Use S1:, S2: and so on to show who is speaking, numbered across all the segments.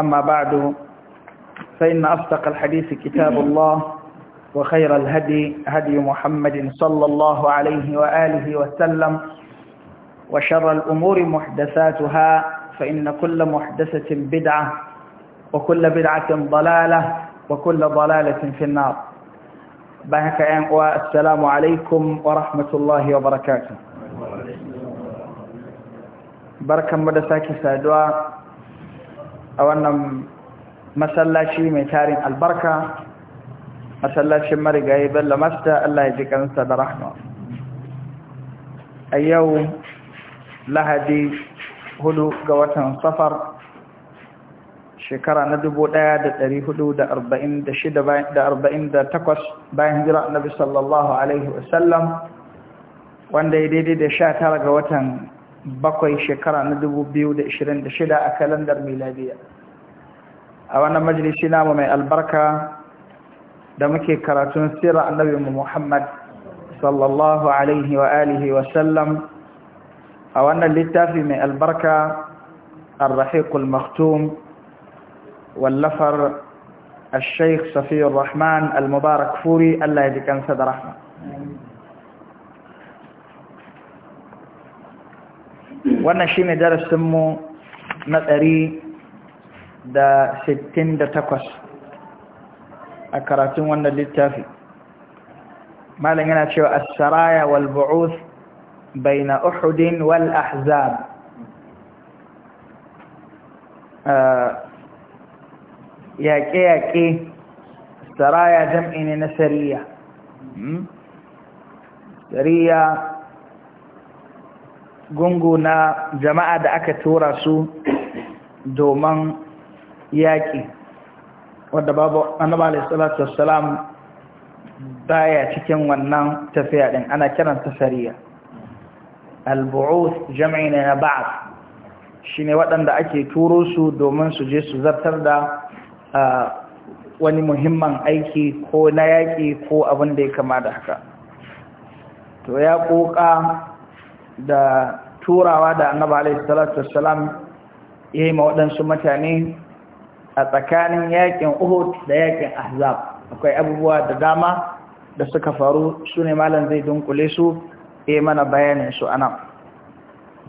S1: أما بعد فإن أصدق الحديث كتاب الله وخير الهدي هدي محمد صلى الله عليه وآله وسلم وشر الأمور محدثاتها فإن كل محدثة بدعة وكل بدعة ضلالة وكل ضلالة في النار بهك والسلام عليكم ورحمة الله وبركاته بركة مدساكي سادوا a wannan masallaci mai tarin albarka masallacin marigayi bello masta Allah ya ji kansa da rahma a yau lahadi hudu ga watan safar shekara na dubu ɗaya da ɗari hudu da arba'in da shida da arba'in da takwas bayan jira annabi sallallahu alaihi wasallam wanda ya daidai da sha tara ga watan bakwai shekara na dubu biyu da da shida a kalandar miladiya a wannan majalisi namu mai albarka da muke karatun sirra annabi muhammad sallallahu alaihi wa alihi wa sallam a wannan littafi mai albarka الرحيق المختوم واللفر الشيخ صفي الرحمن المبارك allah الله يدكن da rahma. wannan shi ne mu na ɗari da sittin da takwas a karatun wannan littafi malam yana cewa saraya wal bu'uth baina uhudin wal ahzab eh, yaƙe-yaƙe saraya jam'i ne na sariya hmm? sariya gungu na jama'a da aka tura su domin yaƙi wadda babu annaba alaihissalatu wassalam baya cikin wannan tafiya din ana kiranta sariya al-bu'uth jam'i na ba'd shine waɗanda ake turo su domin su je su zartar da wani muhimman aiki ko na yaƙi ko abin da ya kama da haka to ya ƙoƙa da turawa da annaba alaihi salatu wassalam ya yi mawaɗansu mutane a tsakanin yakin uhud da yakin ahzab akwai abubuwa da dama da suka faru su ne malam zai dunkule su ya mana bayanin su anan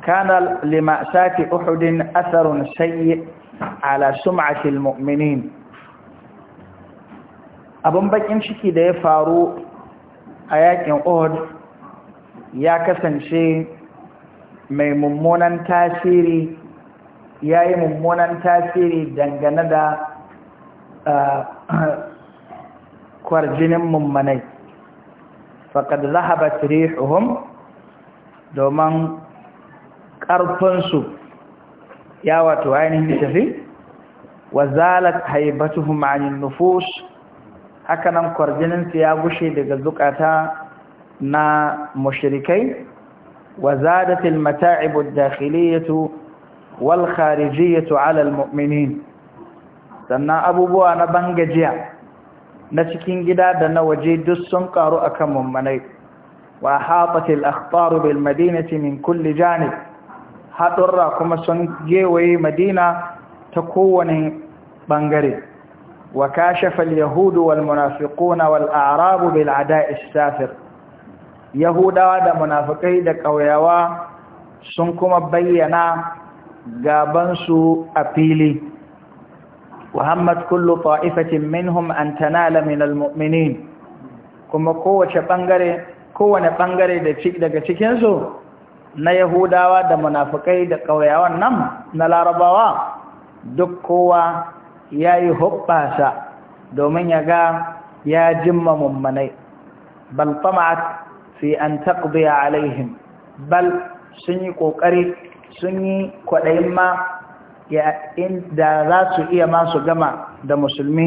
S1: kana Sati, uhudin atharun sayyi ala sum'atil mu'minin abin bakin ciki da ya faru a yakin uhud ya kasance mai mummunan tasiri ya yi mummunan tasiri dangane da uh, kwarjinin mummanai faƙad zahabat rihuhum domin ƙarfinsu ya wato ainihin tafi wa zalat haibatuhum anin nufus hakanan kwarjininsu ya gushe daga zukata na mashirikai وزادت المتاعب الداخلية والخارجية على muminin. sannan abubuwa na bangajiya na cikin gida da na waje duk sun karu akan mummanai wa hatatil akhtar bil madinati min kulli janib hadurra kuma sun gewaye madina ta kowane ɓangare. wa kashafa al yahud wal munafiquna wal a'rab bil ada'i safir yahudawa da munafikai da ƙauyawa sun kuma bayyana gabansu a fili muhammad kullu ta'ifatin minhum an tanala min almu'minin kuma kowace bangare kowane bangare daga cikinsu na yahudawa da munafikai da ƙauyawan nan na larabawa duk kowa ya yi domin ya ga ya jimma mummanai bal tama'at fi an taqdiya alaihim bal sun yi kokari sun yi kwaɗayin ma da za su iya ma su gama da musulmi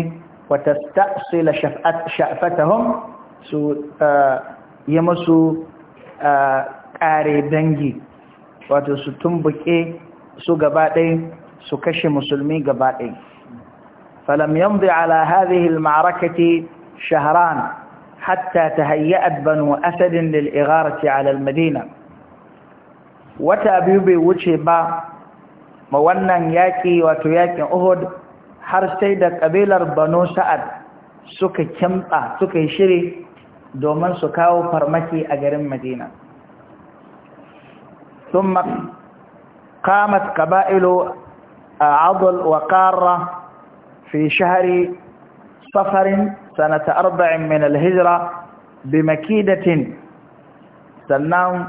S1: wata tasila sha'fatahum su eh, yi musu eh, ƙare dangi wato su tumbuke su gabaɗaya su kashe musulmi gabaɗaya. falam yamdi ala hadhihi al-ma'arakati shahran حتى تهيأت بنو أسد للإغارة على المدينة وتأبيب وشبا مونا ياكي وتياكي أهد حرسيدة قبيلة بنو سعد سكي كمطة سكي شري domin su kawo farmaki a garin Madina. ثم قامت قبائل آه، عضل وقارة في شهر صفر سنة أربع من الهجرة بمكيدة سنان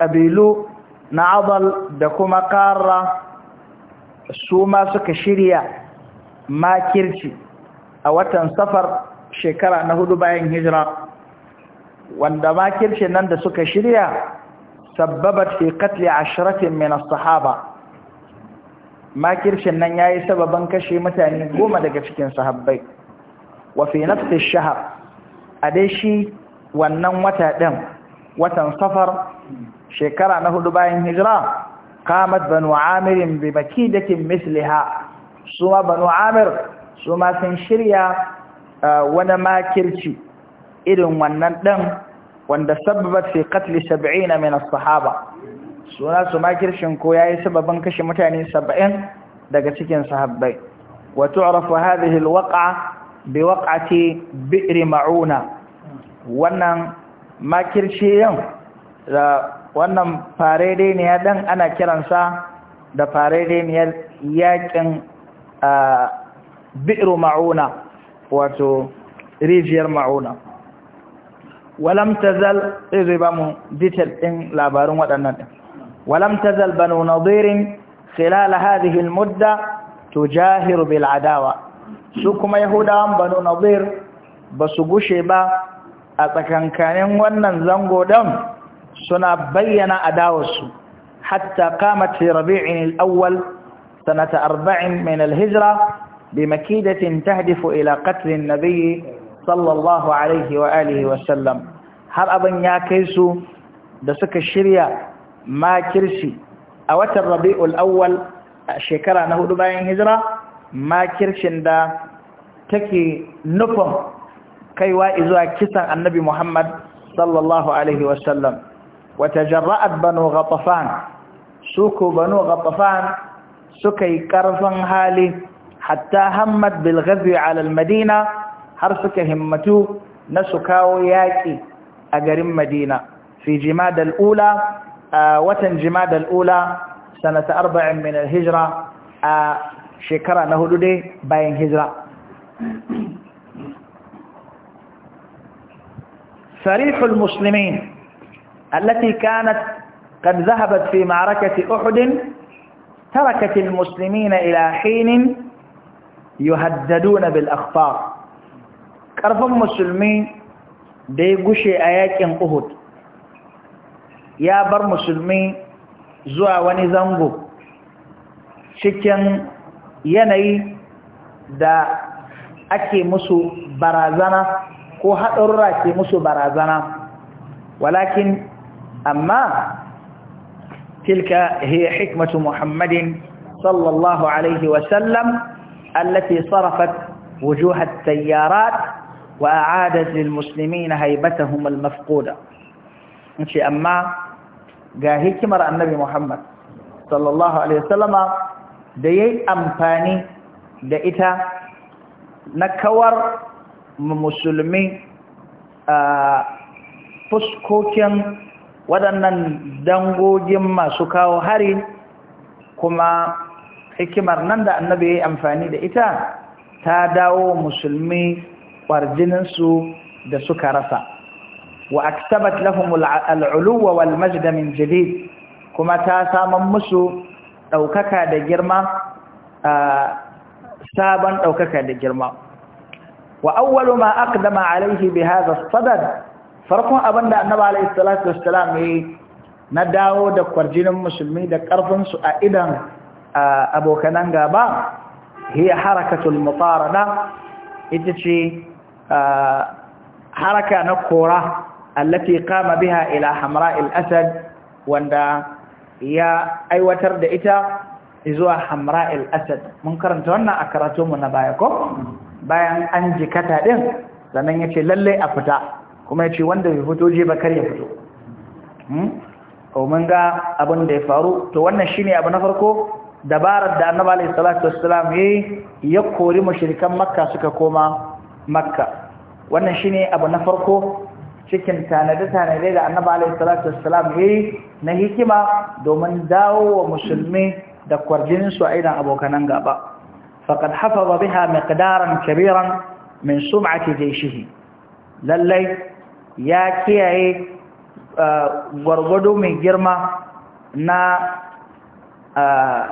S1: قبيلو نعضل دكما قارة سوما سكشيريا ما كيرشي أوتن سفر شكرا نهدو باين هجرة wanda makircin nan da suka shirya sabbabat fi qatl ashratin min as-sahaba makirshin nan yayi sababan kashe mutane goma daga cikin sahabbai wa fi nafsi shahar a dai shi wannan wata ɗin watan safar shekara na hudu bayan hijira qamat banu amir bi makidatin misliha suma banu amir suma sun shirya wani makirci irin wannan ɗin wanda sababat fi katli 70 min sahaba suna su makirshin ko ya yi sababin kashe mutane saba'in daga cikin sahabbai wato arafu hadhihi bai bi ce bi'iri ma'una wannan makirciyan da wannan farede ne ya dan ana kiransa da farede ne yakin bi'iru ma'una wato rijiyar ma'una walam tazal zai ba mu detail din labarin waɗannan ولم تزل بنو نظير خلال هذه المدة تجاهر بالعداوة سكما يهودا بنو نظير بسقوشي با أتكنكانين ونن زنغو دم سنا بينا أداوس حتى قامت في ربيع الأول سنة أربع من الهجرة بمكيدة تهدف إلى قتل النبي صلى الله عليه وآله وسلم هل أبن يا كيسو دسك الشريا makirci a watan rabi'ul awwal shekara na hudu bayan hijira makircin da take nufin kaiwa izuwa kisan annabi Muhammad sallallahu alaihi wasallam wata jarra'at banu ghatafan suku banu ghatafan suka yi ƙarfin hali hatta Hamad Bilgazi alal madina har suka himmatu na su kawo yaƙi a garin madina fi jima da ula watan jimada al'ula sanata arba'in min al-hijra a shekara na hudu dai bayan hijra سريح المسلمين التي كانت قد ذهبت في معركة أحد تركت المسلمين إلى حين يهددون بالأخطار كرفهم المسلمين دي قشي آيات أحد ya bar musulmi zuwa wani zango cikin yanayi da ake musu barazana ko haɗarura ke musu barazana walakin amma tilka hiya hikmatu muhammadin sallallahu alaihi wasallam allati sarafat wujuhat tayyarat a'adat lilmuslimin هيبتهم almafquda in amma ga hikimar annabi Muhammad sallallahu alaihi wasallama da yayi amfani da ita na kawar musulmi a fuskokin waɗannan dangogin masu kawo hari kuma hikimar nan da annabi ya yi amfani da ita ta dawo musulmi ƙwarjininsu da suka rasa wa aktabat lahum al'uluwa wal majda min jadid kuma ta saman musu ɗaukaka da girma sabon ɗaukaka da girma wa awwalu ma aqdama alaihi bi hadha sadad farkon abinda annabi alaihi salatu wassalam yayi na dawo da kwarjinin musulmi da karfin a idan abokanan gaba hiya harakatul mutarada ita ce haraka na kora allati qama biha ila hamra al-asad wanda ya aiwatar da ita zuwa hamra al-asad mun karanta wannan a karatu mu na baya ko bayan an jikata din sannan yace lalle a fita kuma yace wanda bai fito je ba kar ya fito hmm ko mun ga abin da ya faru to wannan shine abu na farko dabarar da annabi alayhi salatu wassalam ya kori mushrikan makka suka koma makka wannan shine abu na farko cikin tanade-tanade da annaba alaihissalatu wassalam ya yi na hikima domin dawo wa musulmi da kwarjininsu a idan abokanan gaba faƙad hafaza biha miqdaran kabiran min sum'ati jayshihi lallai ya kiyaye uh, gwargwado mai girma na uh,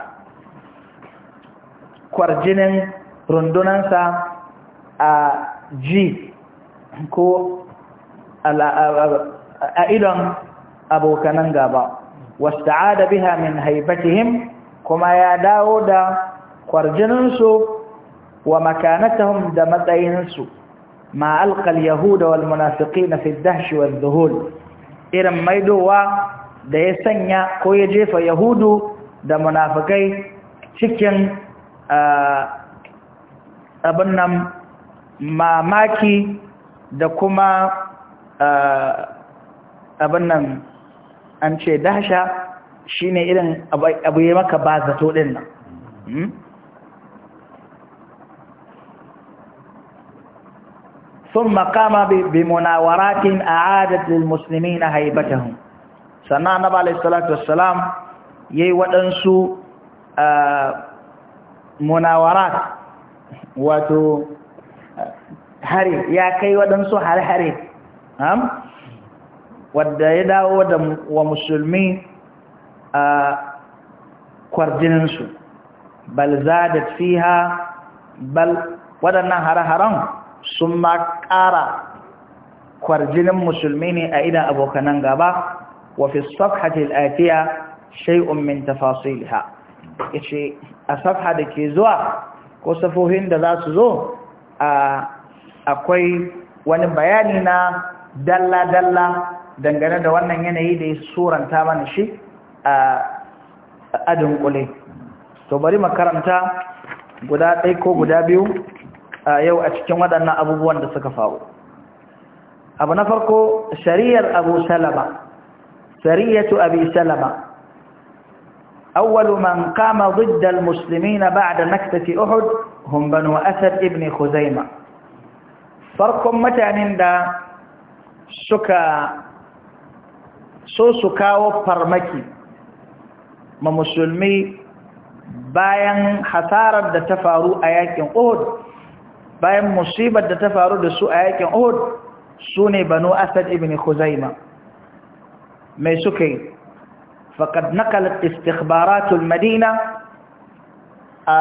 S1: kwarjinin rundunansa a ji ko a idon abokanan gaba Wasu da biha min haibatihim kuma ya dawo da kwarjininsu wa makanatahum da matsayinsu ma alkal yahuda wal na fi ad wa zuhul irin maidowa da ya sanya ko ya jefa yahudu da munafikai cikin abin nan mamaki da kuma abin nan an ce dasha shi ne irin abu yi maka ba zato ɗin nan sun makama bi munawaratin a adatul musulmi na haibatahun sannan na ba alaihissalatu wassalam ya yi waɗansu munawarat wato hari ya kai waɗansu hare-hare wadda ya dawo da wa musulmi a kwarjininsu bal zadat fiha bal waɗannan hare-haren sun ma ƙara kwarjinin musulmi ne a idan abokanan gaba wa fi safhatil atiya shay'un min tafasilha yace a safha da ke zuwa ko safohin da za su zo akwai wani bayani na dalla-dalla dangane da wannan yanayi da ya suranta mana shi a adin kule to bari makaranta guda ɗai ko guda biyu a yau a cikin waɗannan abubuwan da suka faru abu na farko shari'ar abu salama shari'atu abi salama أول من قام ضد المسلمين بعد نكتة أحد هم farkon mutanen da suka so su kawo farmaki ma musulmi bayan hasarar da ta faru a yakin Uhud bayan musibar da ta faru da su a yakin Uhud su ne banu Asad ibn Khuzaima mai suka yi faqad naqalat istikhbaratul madina a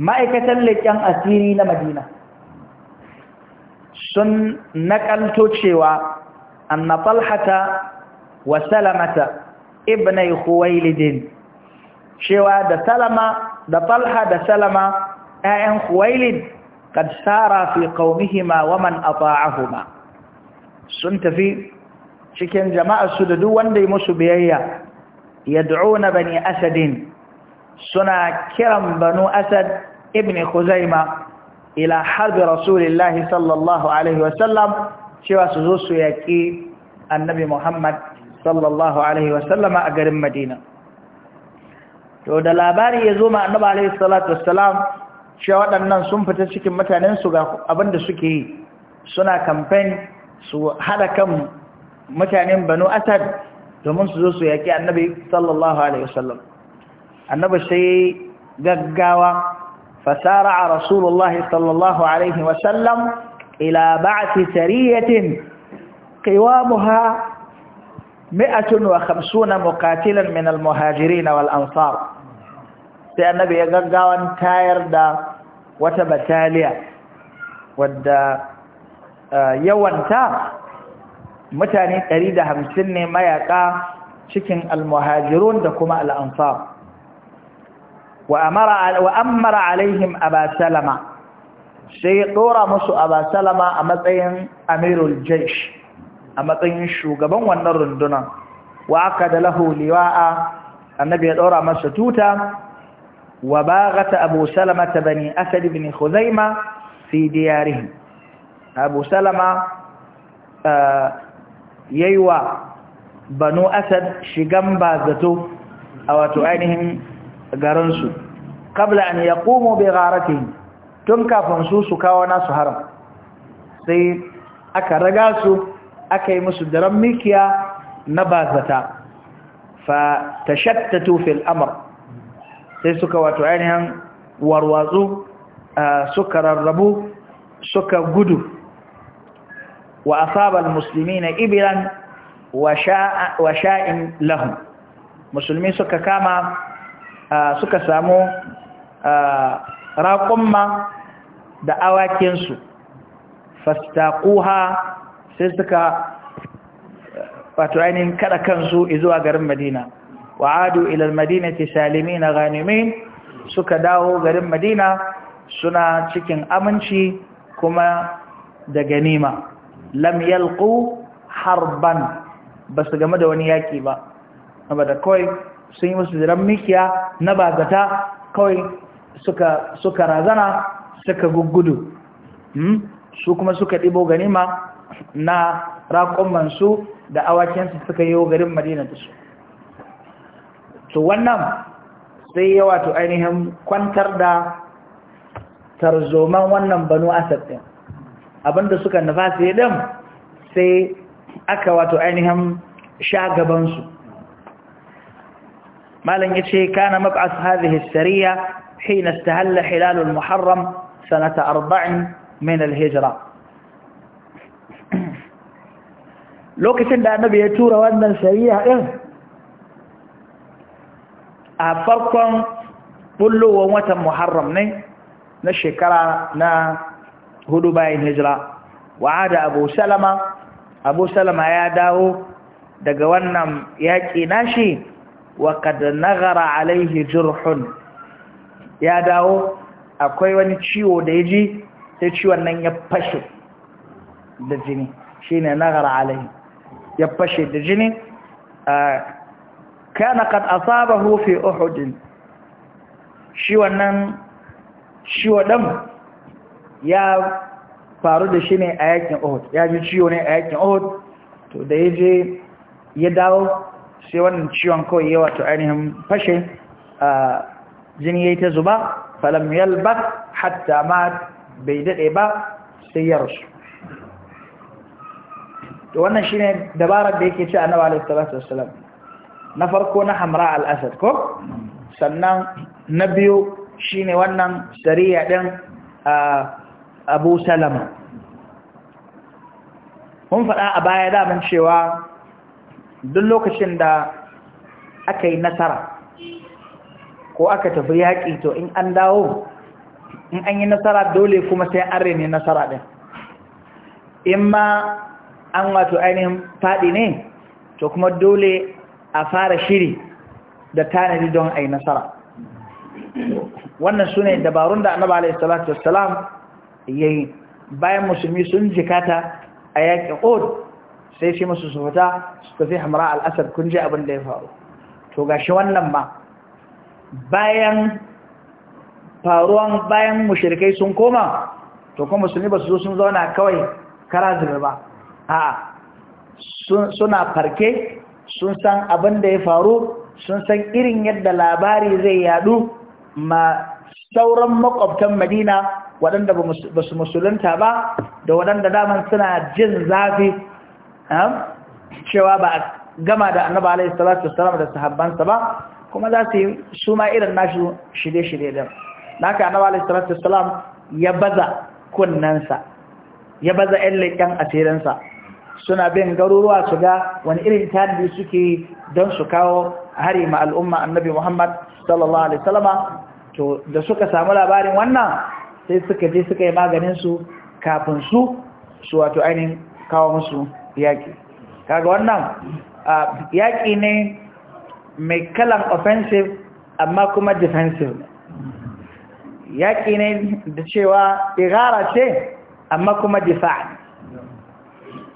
S1: ma'aikatan leƙen asiri na madina sun naƙalto cewa anna falhata wa salamata ibnai khuwailidin cewa da salama da Falha da salama ƴaƴan huwailid kad sara fi qaumihima wa man ata'ahuma sun tafi cikin jama'a su da duk wanda ya musu biyayya yad'una bani asadin suna kiran banu asad ibn khuzaima ila harbi rasulillahi sallallahu alaihi wasallam cewa su zo su yaƙi annabi muhammad sallallahu alaihi wasallama a garin madina to da labari ya zo ma annabi alaihi salatu wassalam cewa waɗannan sun fita cikin mutanensu ga abinda suke yi suna kamfen su haɗa kan mutanen banu asad domin su zo su yaƙi annabi sallallahu alaihi wasallam annabi sai gaggawa فسارع رسول الله صلى الله عليه وسلم إلى بعث سرية قوامها مئة وخمسون مقاتلا من المهاجرين والأنصار النبي يقول تاير دا وتبتاليا wadda yawanta mutane 150 ne mayaka cikin almuhajirun da kuma al'ansar wa amara alaihim aba salama sai dora musu aba salama a matsayin amirul jaish a matsayin shugaban wannan rundunan wa aka da lahuliwa a annabi ya ɗora masa tuta wa baghata abu salama ta bani Asali ibn khuzaima fi diyarihim abu salama eh, yayi wa banu asad shigan ba zato a wato ainihin garinsu kabla an ya komo bai gharatihim tun kafin su su kawo nasu haram sai aka raga su aka yi musu daren mikiya na bazata fa tashattatu fil amr sai suka wato ainihin warwatsu suka rarrabu suka gudu wa asaba almuslimina ibran wa sha'in lahum musulmi suka kama suka samu raƙumma da awakinsu fastaƙuha sai suka wato kada kansu izuwa garin madina wa'adu ke almadinati na ghanimin suka dawo garin madina suna cikin aminci kuma da ganima lam yalqu harban su game da wani yaƙi ba saboda kawai sun yi masu ziran mikiya na bazata kawai suka razana suka gugudu hmm? su kuma suka ɗibo ganima na raƙonmansu da awakinsu suka yi garin madina da su to wannan sai ya wato ainihin kwantar da tarzoman wannan banu asad ɗin abinda suka nufa sai ɗin sai aka wato ainihin sha gabansu ما لن كان مبعث هذه السرية حين استهل حلال المحرم سنة أربع من الهجرة لو كسن دا نبي يتورا وانا سرية أفركم إيه؟ بلو ومتا محرم ني نشكرا نا هدوباين هجرة وعاد أبو سلمة أبو سلمة يا داو دقوانا يأتي ناشي wa kad nagara alaihi jurhun ya dawo akwai wani ciwo da yaji sai ciwon nan ya fashe da jini shine nagara alaihi ya fashe da jini kana kad asabahu fi uhud shi wannan ciwo dan ya faru da shi ne a yakin Uhud ya ji ciwo ne a yakin Uhud to da yaje ya dawo sai wannan ciwon kawai yawa to ainihin fashe jini yayi ta zuba falam yalba hatta ma bai dade ba sai ya rasu to wannan shine dabarar da yake ci annabi alaihi salatu wassalam na farko na hamra al-asad ko sannan na biyu shine wannan sariya din Abu Salama mun faɗa a baya damin cewa duk lokacin da aka yi nasara ko aka tafi yaƙi to in an dawo in an yi nasara dole kuma sai an rene nasara ɗin in ma an wato ainihin faɗi ne to kuma dole a fara shiri da tanadi don a yi nasara wannan su ne dabarun da annaba alaihi salatu wassalam bayan musulmi sun jikata a yaƙin od sai ce musu su fita su tafi hamra al'asar kun ji abin da ya faru to gashi wannan ma bayan faruwan bayan mushirkai sun koma to kuma musulmi ba su zo sun zauna kawai kara zuba ba a suna farke sun san abin da ya faru sun san irin yadda labari zai yadu ma sauran makwabtan madina waɗanda ba su musulunta ba da waɗanda daman suna jin zafi cewa ba a gama da annaba alaihi salatu da sahabbansa ba kuma za su yi suma ma irin nashi shirye-shirye din ka annaba alaihi salatu ya baza kunnansa ya baza yan leƙen asirinsa suna bin garuruwa su ga wani irin tanadi suke don su kawo hari ma al'umma annabi Muhammad sallallahu alaihi salama to da suka samu labarin wannan sai suka je suka yi maganin su kafin su su wato ainihin kawo musu yaƙi kaga wannan yaƙi ne mai kalan offensive amma kuma defensive yaƙi ne da cewa igara ce amma kuma difa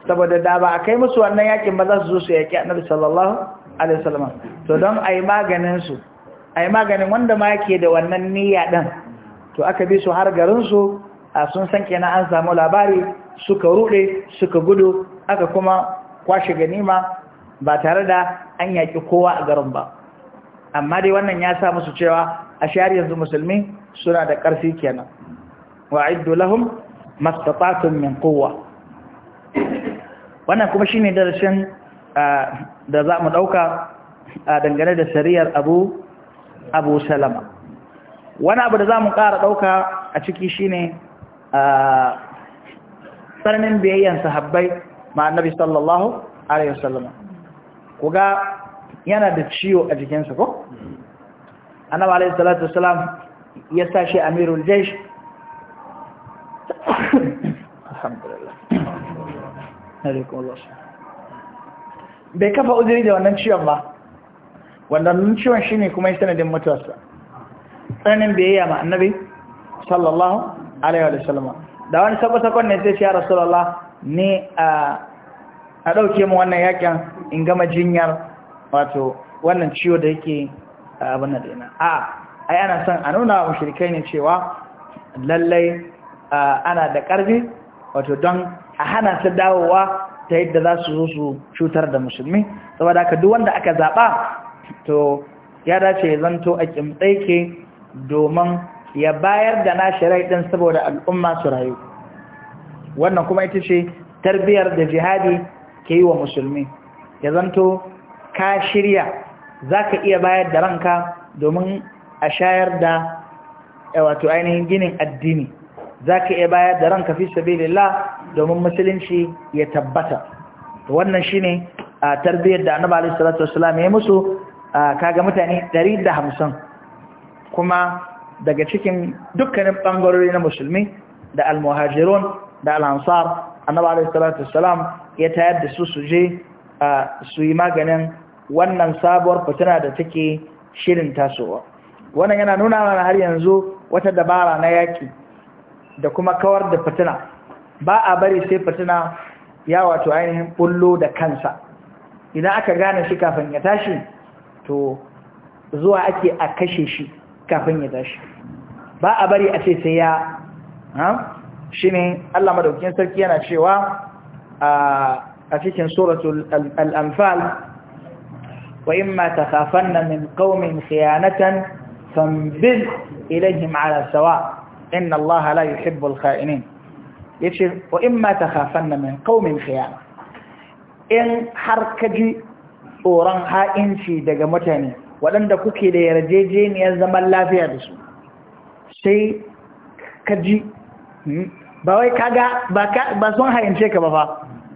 S1: saboda da ba a kai musu wannan yaƙin ba za su zo su yaƙi nan sallallahu alaihi wasallam to don a yi maganin su a yi maganin wanda ma yake da wannan niyya ɗin to aka bi su har garinsu a sun san kenan an samu labari suka rude suka gudu aka kuma kwashe ganima ba tare da an yaki kowa a garin ba amma dai wannan ya sa musu cewa a shari yanzu musulmi suna da ƙarfi kenan wa aiddu lahum mastata'tum min quwwa wannan kuma shine darasin da za mu dauka dangane da sariyar Abu Abu Salama wani abu da za mu ƙara dauka a ciki shine tsananin biyayyan sahabbai ma annabi sallallahu alaihi wasallam kuga yana da ciwo a jikinsa ko annabi alaihi salatu wasallam ya sashi amirul jaysh alhamdulillah alaikum Allah bai kafa uzuri da wannan ciwon ba wannan ciwon shine kuma yi sanadin mutuwarsa tsananin biyayya ma annabi sallallahu alaihi wasallam da wani sakwasakon ne sai shi rasulallah ne a ɗauke mu wannan yakin in gama jinyar wato wannan ciwo da yake abin da dina a ai ana son a nuna wa shirikai ne cewa lallai ana da ƙarfi wato don a hana ta dawowa ta yadda za su zo su cutar da musulmi saboda haka duk wanda aka zaɓa to ya dace ya zanto a kimtsaike domin ya bayar da na shirai din saboda al'umma su rayu wannan kuma ita ce tarbiyar da jihadi ke yi wa musulmi ya zanto ka shirya za ka iya bayar da ranka domin a shayar da eh, wato ainihin ginin addini za ka iya bayar da ranka fi sabilillah domin musulunci ya tabbata wannan shine a ah, tarbiyar da anaba alaihi salatu wasallam ya musu ah, kaga mutane 150 kuma daga cikin dukkanin ɓangarori na musulmi da almuhajirun da al'ansar annaba alaihissalatu salam ya tayar da su su je su yi maganin wannan sabuwar fitina da take shirin tasowa wannan yana nuna mana har yanzu wata dabara na yaki da kuma kawar da fitina ba a bari sai fitina ya wato ainihin bullo da kansa idan aka gane shi kafin ya tashi to zuwa ake a kashe shi kafin ya tashi ba a bari a ce sai ya shi ne Allah madaukin sarki yana cewa a cikin suratul al'amfal wa imma takhafanna min qaumin khiyanatan fambil ilayhim ala sawa inna Allah la yuhibbul kha'inin yace wa imma takhafanna min qaumin khiyana in har kaji tsoron ha'inci daga mutane waɗanda kuke da yarjejeniyar zaman lafiya da su sai ka ji hmm, ba wai kaga ba sun hayance ka ba fa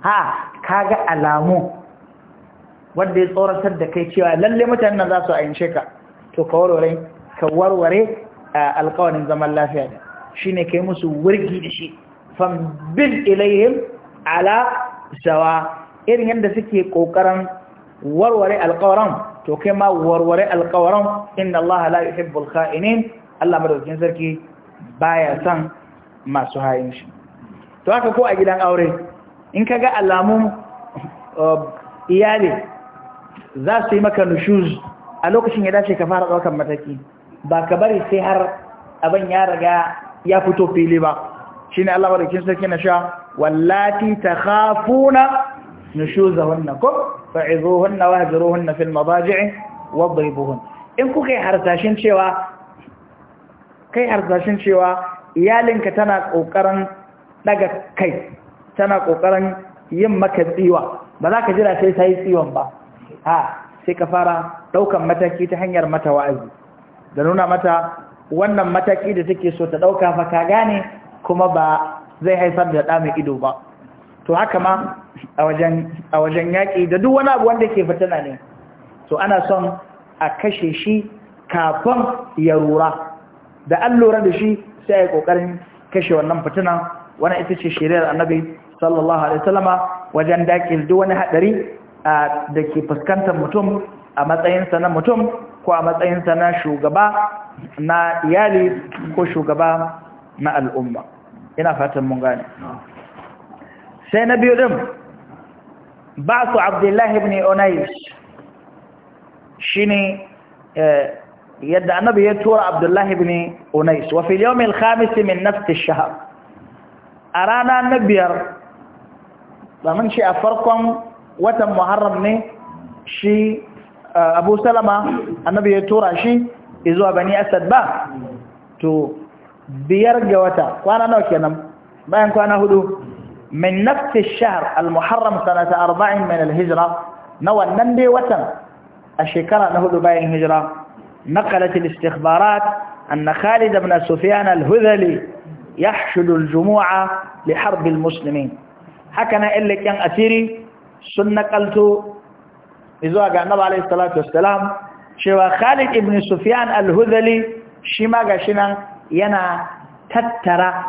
S1: ha kaga alamu wanda ya tsoratar da kai cewa lalle mutanen nan za su hayance ka to ka warware ka warware alƙawarin zaman lafiya da shi shine kai musu wurgi da shi fam bin ilayhim ala sawa irin yadda suke kokarin warware alƙawarin to kai ma warware alƙawaran inda Allah la yuhibbul kha'inin Allah madaukakin sarki baya san masu hayin shi to haka ko a gidan aure in ka ga alamun uh, iyali za su yi maka nushuz a lokacin ya dace ka fara ɗaukar mataki ba ka bari sai har abin ya riga ya fito fili ba shine Allah madaukakin sarki na sha wallati takhafuna nushuzahunna ko ba wahjuruhunna fil madaji'i buhun. in kuka yi harsashin cewa kai harsashin cewa iyalinka tana kokarin daga kai tana kokarin yin maka tsiwa ba za ka jira sai sai tsiwon ba ha sai ka fara daukan mataki ta hanyar mata wa'azi da nuna mata wannan mataki da take so ta ɗauka fa ka gane kuma ba zai haifar da da ido ba to haka ma a wajen yaƙi da duk wani abu wanda ke fitina ne to ana son a kashe shi kafin ya rura da an lura da shi sai ya ƙoƙarin kashe wannan fitina wani ita ce shiriyar annabi sallallahu alaihi wasallama wajen daki duk wani haɗari da ke fuskantar mutum a matsayinsa na mutum ko a matsayinsa na shugaba na iyali ko shugaba na al'umma ina fatan mun gane sai na biyu din ba su abdullahi ibn unais shine eh, yadda annabi ya tura abdullahi ibn unais wa fil yawm al khamis min nafs al shahr a rana na biyar ba mun ce a farkon watan muharram ne shi eh, abu salama annabi ya tura shi izuwa bani asad ba to biyar ga wata kwana nawa kenan bayan kwana hudu من نفس الشهر المحرم سنة أربع من الهجرة نوى النمبي وتم الشكرة أنه باين الهجرة نقلت الاستخبارات أن خالد بن سفيان الهذلي يحشد الجموع لحرب المسلمين حكنا إلك كان أسيري سنة قلت إذا قال نبع عليه الصلاة والسلام شوى خالد بن سفيان الهذلي شما قشنا ينا تترى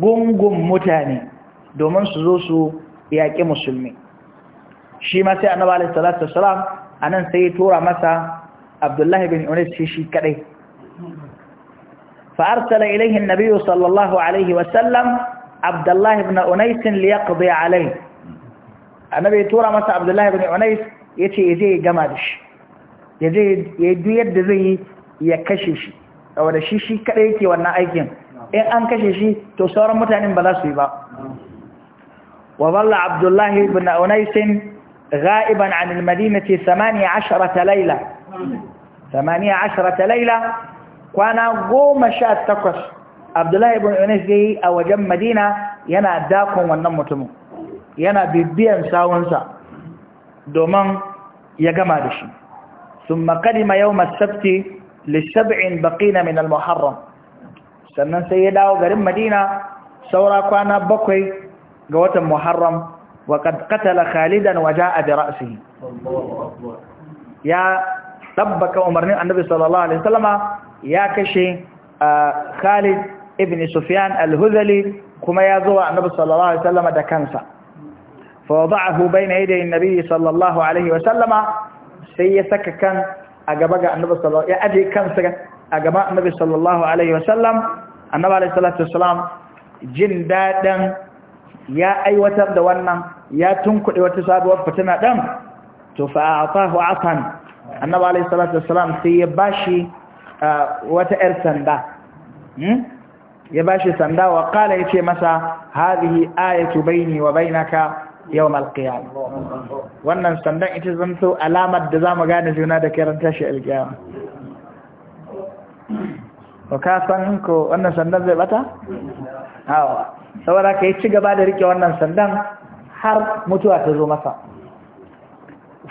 S1: gungun متاني domin su zo su yaƙi musulmi shi ma sai annabi alaihi salatu wassalam anan sai ya tura masa abdullahi bin unis shi kadai fa arsala ilayhi an sallallahu alaihi wasallam abdullahi bin unis liyaqdi alayhi annabi ya tura masa abdullahi bin unis yace yaje gama da shi yaje ya duk yadda zai yi ya kashe shi saboda shi shi kadai yake wannan aikin in an kashe shi to sauran mutanen ba za su yi ba وظل عبد الله بن أنيس غائبا عن المدينة ثمانية عشرة ليلة ثمانية عشرة ليلة kwana goma sha takwas abdullahi ibn unis dai a wajen madina yana dakon wannan mutumin yana bibiyan sawunsa domin ya gama da shi sun makadima yau masabti lissab'in baƙina min al-muharram sannan sai ya dawo garin madina saura kwana bakwai ga watan muharram wa qad qatala khalidan wa jaa bi rasi ya tabbaka umarnin annabi sallallahu alaihi ya kashe uh, khalid ibn sufyan al-hudhali kuma ya zo annabi sallallahu alaihi da kansa fa wada'ahu bayna yaday an-nabi sallallahu alaihi wasallama sai ya saka kan a gaba ga annabi sallallahu ya aje kansa a gaba annabi sallallahu alaihi wasallam annabi alaihi jin dadan ya aiwatar da wannan ya tunkuɗe wata sabuwar fitina ɗan to fa'atahu afan annabi alayhi salatu wassalam sai ya bashi wata ƴar sanda hmm? ya bashi sanda wa qala yace masa hadhihi ayatu baini wa bainaka yawm alqiyam wannan sandan ita zanto alamar da zamu gane juna da karanta shi alqiyam ko ka san ko wannan sandan zai bata awa saboda ka yi ci gaba da rike wannan sandan har mutuwa ta zo masa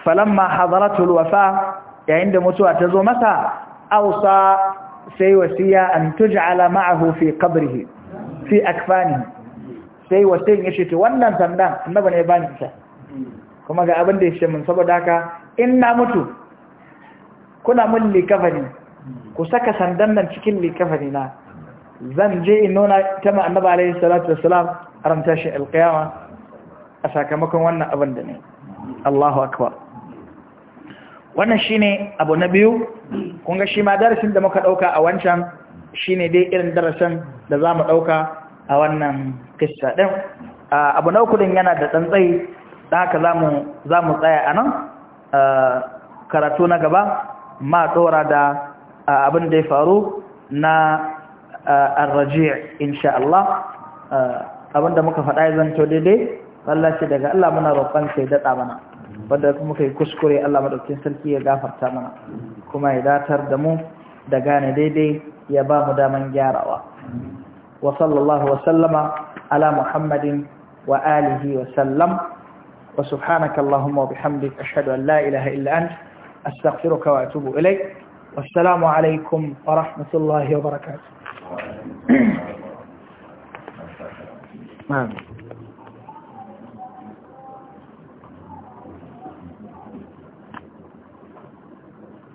S1: falamma hadaratul wafa yayin da mutuwa ta zo masa ausa sai wasiya an tuj'ala ma'ahu fi qabrihi fi akfanihi sai wasiyin yace to wannan sandan annabi ne bani ta kuma ga abin da yace mun saboda haka in na mutu kuna mun kafani ku saka sandan nan cikin likafani na zan je in nuna ta ma'anaba annaba alaihi salatu wassalam tashin alƙiyama a sakamakon wannan abin da ne Allahu akbar wannan ne abu na biyu kun shi ma darasin da muka ɗauka a wancan shi ne dai irin darasin da za mu ɗauka a wannan kista ɗin abu na ukudin yana da tsantsai ɗan haka za mu tsaya a nan. karatu na gaba ma tsora da abin da ya faru na ar-raji' insha Allah abinda muka faɗa ya zanto daidai Allah ce daga Allah muna roƙon sai daɗa mana wanda kuma kai kuskure Allah madaukakin sarki ya gafarta mana kuma ya datar da mu da gane daidai ya ba mu daman gyarawa wa sallallahu wa sallama ala muhammadin wa alihi wa sallam wa subhanaka allahumma wa bihamdik ashhadu an la ilaha illa ant astaghfiruka wa atubu ilaik wassalamu alaikum wa rahmatullahi wa barakatuh Amin.